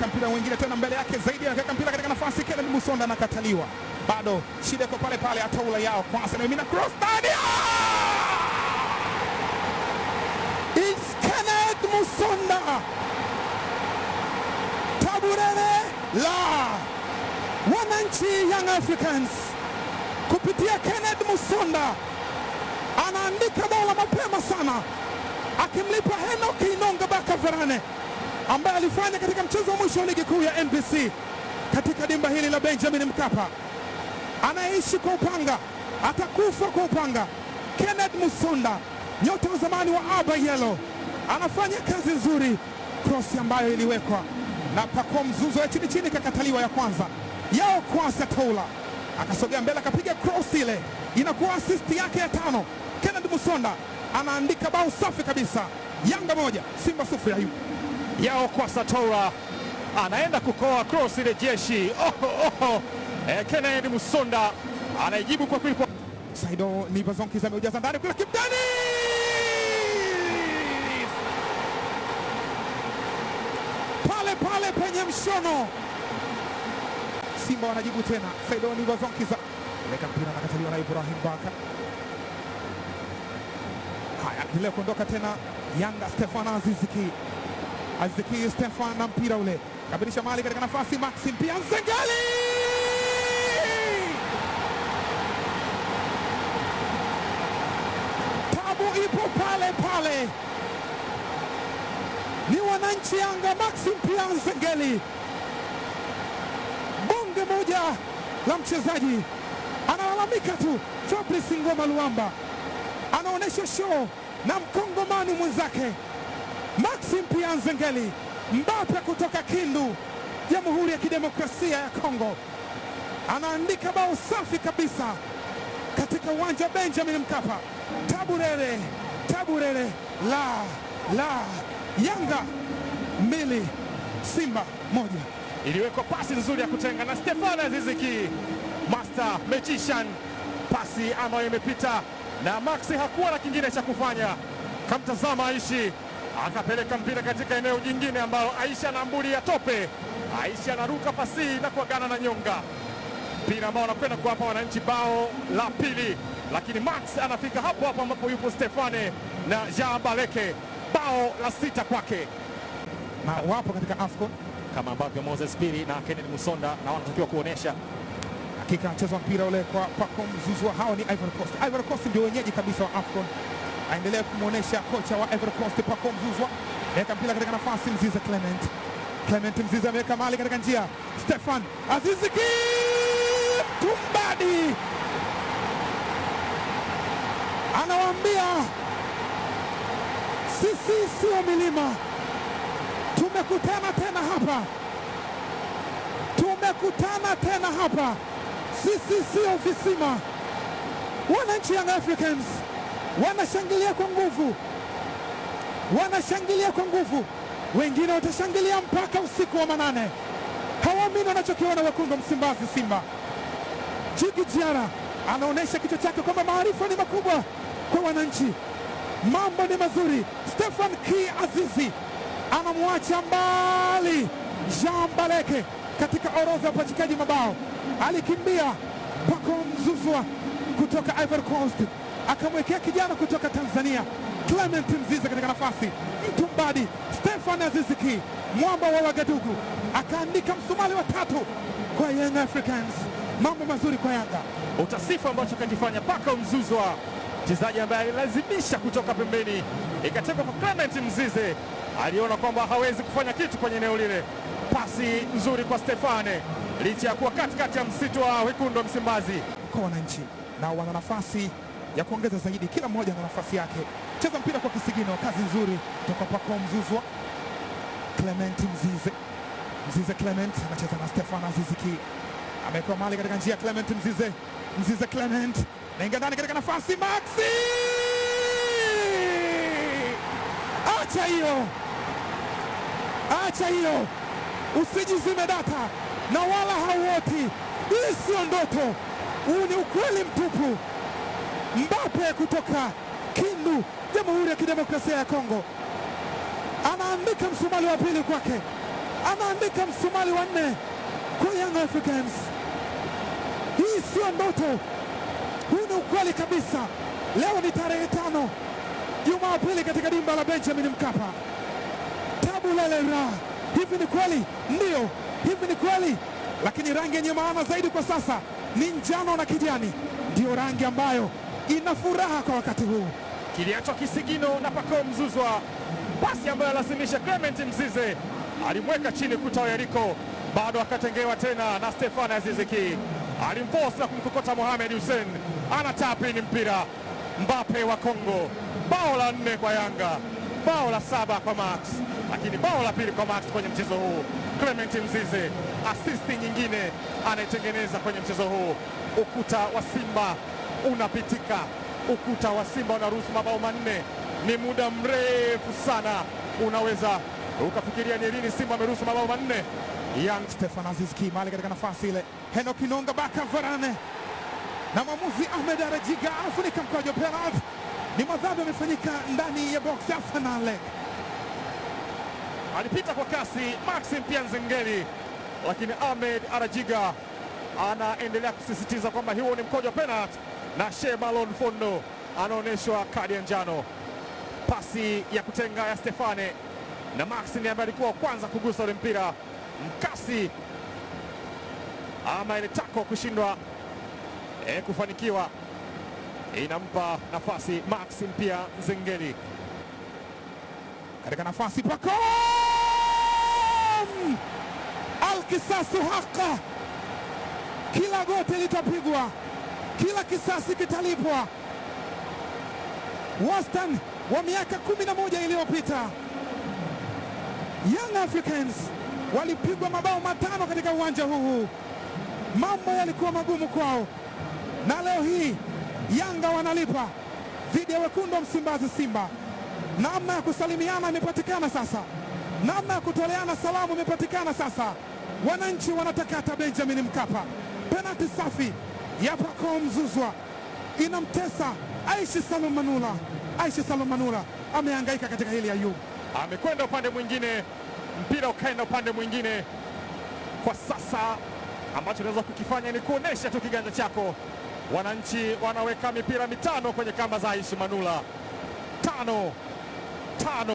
anaweka mpira mwingine tena mbele yake zaidi, anaweka mpira katika nafasi Kellen Musonda, anakataliwa. Bado shida iko pale pale, ataula yao kwasa na cross ndani. It's Kenneth Musonda taburere la wananchi Young Africans kupitia Kenneth Musonda anaandika bao la mapema sana akimlipa Henoki Inonga Bakavarane ambaye alifanya katika mchezo wa mwisho wa ligi kuu ya NBC katika dimba hili la Benjamin Mkapa. Anayeishi kwa upanga atakufa kwa upanga. Kenneth Musonda, nyota wa zamani wa Aba Yelo, anafanya kazi nzuri. Krosi ambayo iliwekwa na pakuwa mzuzo ya chini chini, ikakataliwa ya kwanza yao kwasa toula Taula, akasogea mbele akapiga krosi, ile inakuwa asisti yake ya tano. Kenneth Musonda anaandika bao safi kabisa. Yanga moja Simba sufuri. ayu yao kwa Satora anaenda kukoa cross ile jeshi. Oh, oh, oh. E, Kennedy Musonda anaijibu kwa kulipo Saido ni Bazonkiza ameujaza ndani kwa Kiptani pale pale penye mshono. Simba wanajibu tena, Saido ni Bazonkiza weka mpira nakataliwa na Ibrahim Baka. Haya, kile kuondoka tena Yanga Stefan Aziziki Aziki Stefan na mpira ule kabirisha mali katika nafasi Maxim pia Nzengeli tabu ipo pale pale, ni wananchi Yanga, Maxim pia Nzengeli bonge moja la mchezaji analalamika tu. Fabrice Ngoma Luamba anaonyesha show na mkongomani mwenzake Maxim Pianzengeli Mbape kutoka Kindu, Jamhuri ya Kidemokrasia ya Kongo, anaandika bao safi kabisa katika uwanja wa Benjamin Mkapa. Taburere, taburere, la la! Yanga mbili Simba moja. Iliwekwa pasi nzuri ya kutenga na Stefano Ziziki, master magician, pasi ambayo imepita na Maxi hakuwa na kingine cha kufanya, kamtazama Aishi akapeleka mpira katika eneo jingine ambalo Aisha na ya tope. Aisha anaruka pasi na kuagana na Nyonga, mpira ambao anakwenda kuwapa wananchi bao la pili, lakini Max anafika hapo hapo ambapo yupo Stefane na Jean Baleke, bao la sita kwake, na wapo katika AFCON kama ambavyo Moses Piri na Kennedy Musonda na wanatakiwa kuonesha hakika anacheza mpira ule kwa Pacome Zouzoua. Hawa ni Ivory Coast. Ivory Coast ndio wenyeji kabisa wa AFCON aendelee kumwonyesha kocha wa Ivory Coast Pacome Zouzoua, weka mpira katika nafasi, Mzize Clement Clement Mzize ameweka mali katika njia, Stefan aziziki Ki Tumbadi anawaambia sisi sio milima, tumekutana tena hapa, tumekutana tena hapa, sisi sio visima. Wananchi Young Africans wanashangilia kwa nguvu, wanashangilia kwa nguvu, wengine watashangilia mpaka usiku wa manane. Hawaamini wanachokiona wekundu Msimbazi, Simba. Jigi Jiara anaonyesha kichwa chake kwamba maarifa ni makubwa kwa wananchi, mambo ni mazuri. Stefan Ki Azizi anamwacha mbali Jean Baleke katika orodha ya upachikaji mabao, alikimbia Bako Mzuzwa kutoka Ivory Coast akamwekea kijana kutoka Tanzania Clement Mzize katika nafasi, mtumbadi Stefan Aziziki mwamba wa Wagadugu akaandika msumali wa tatu kwa Young Africans. Mambo mazuri kwa Yanga, utasifu ambacho akakifanya paka Mzuzwa, mchezaji ambaye alilazimisha kutoka pembeni, ikatekwa kwa Clement Mzize, aliona kwamba hawezi kufanya kitu kwenye eneo lile. Pasi nzuri kwa Stefane, licha ya kuwa katikati ya msitu wa wekundu wa Msimbazi. Kwa wananchi nao wana nafasi ya kuongeza zaidi, kila mmoja na nafasi yake. Cheza mpira kwa kisigino, kazi nzuri toka kwa mzuzwa Clement Mzize. Mzize Clement anacheza na Stefano ziziki amekuwa mali katika njia. Clement Mzize, Mzize Clement naingia ndani katika nafasi Maxi, acha hiyo, acha hiyo, usijizime data na wala hauoti. Hii sio ndoto, huu ni ukweli mtupu. Mbappe kutoka Kindu, Jamhuri ya Kidemokrasia ya Kongo, anaandika msumali wa pili kwake, anaandika msumali wa nne kwa Young Africans. Hii sio ndoto, huu ni ukweli kabisa. Leo ni tarehe tano Jumapili katika dimba la Benjamin Mkapa. Tabu lera. hivi ni kweli? Ndiyo, hivi ni kweli, lakini rangi yenye maana zaidi kwa sasa ni njano na kijani, ndiyo rangi ambayo ina furaha kwa wakati huu. Kiliachwa kisigino na Pacome mzuzwa pasi ambayo alazimisha Clement Mzize alimweka chini kuta wa Yeriko, bado akatengewa tena na Stefana Aziziki, alimforce na kumkokota Mohamed Hussein, anatapini mpira Mbape wa Kongo. Bao la nne kwa Yanga, bao la saba kwa Max, lakini bao la pili kwa Max kwenye mchezo huu. Clement Mzize asisti nyingine anaitengeneza kwenye mchezo huu. Ukuta wa Simba unapitika, ukuta wa Simba unaruhusu mabao manne. Ni muda mrefu sana, unaweza ukafikiria ni lini Simba ameruhusu mabao manne. Yang Stefan Aziz Ki mali katika nafasi ile, Henok Kinonga Baka Varane na mwamuzi Ahmed Arajiga anafunika mkojo penalti. Ni madhambi yamefanyika ndani ya box ya Arsenal. Alipita kwa kasi Maxim Pianzengeli, lakini Ahmed Arajiga anaendelea kusisitiza kwamba hiyo ni mkojo penalti na Shemalon Fondo anaonyeshwa kadi ya njano. Pasi ya kutenga ya Stefane na Max ni ambaye alikuwa kwanza kugusa ule mpira mkasi, ama ile tako kushindwa e, kufanikiwa inampa nafasi Max Mpia Nzengeli katika nafasi pakom alkisasu haka, kila goti litapigwa kila kisasi kitalipwa. Wastani wa miaka kumi na moja iliyopita Young Africans walipigwa mabao matano katika uwanja huu. Mambo yalikuwa magumu kwao, na leo hii Yanga wanalipa dhidi ya wekundu wa Msimbazi, Simba. Namna ya kusalimiana imepatikana sasa, namna ya kutoleana salamu imepatikana sasa. Wananchi wanatakata Benjamin Mkapa, penati safi yapaka Mzuzwa inamtesa Aishi Salum Manula. Aishi Salum Manula amehangaika katika hili Ayub, amekwenda upande mwingine, mpira ukaenda upande mwingine. Kwa sasa ambacho unaweza kukifanya ni kuonesha tu kiganja chako. Wananchi wanaweka mipira mitano kwenye kamba za Aishi Manula, tano tano.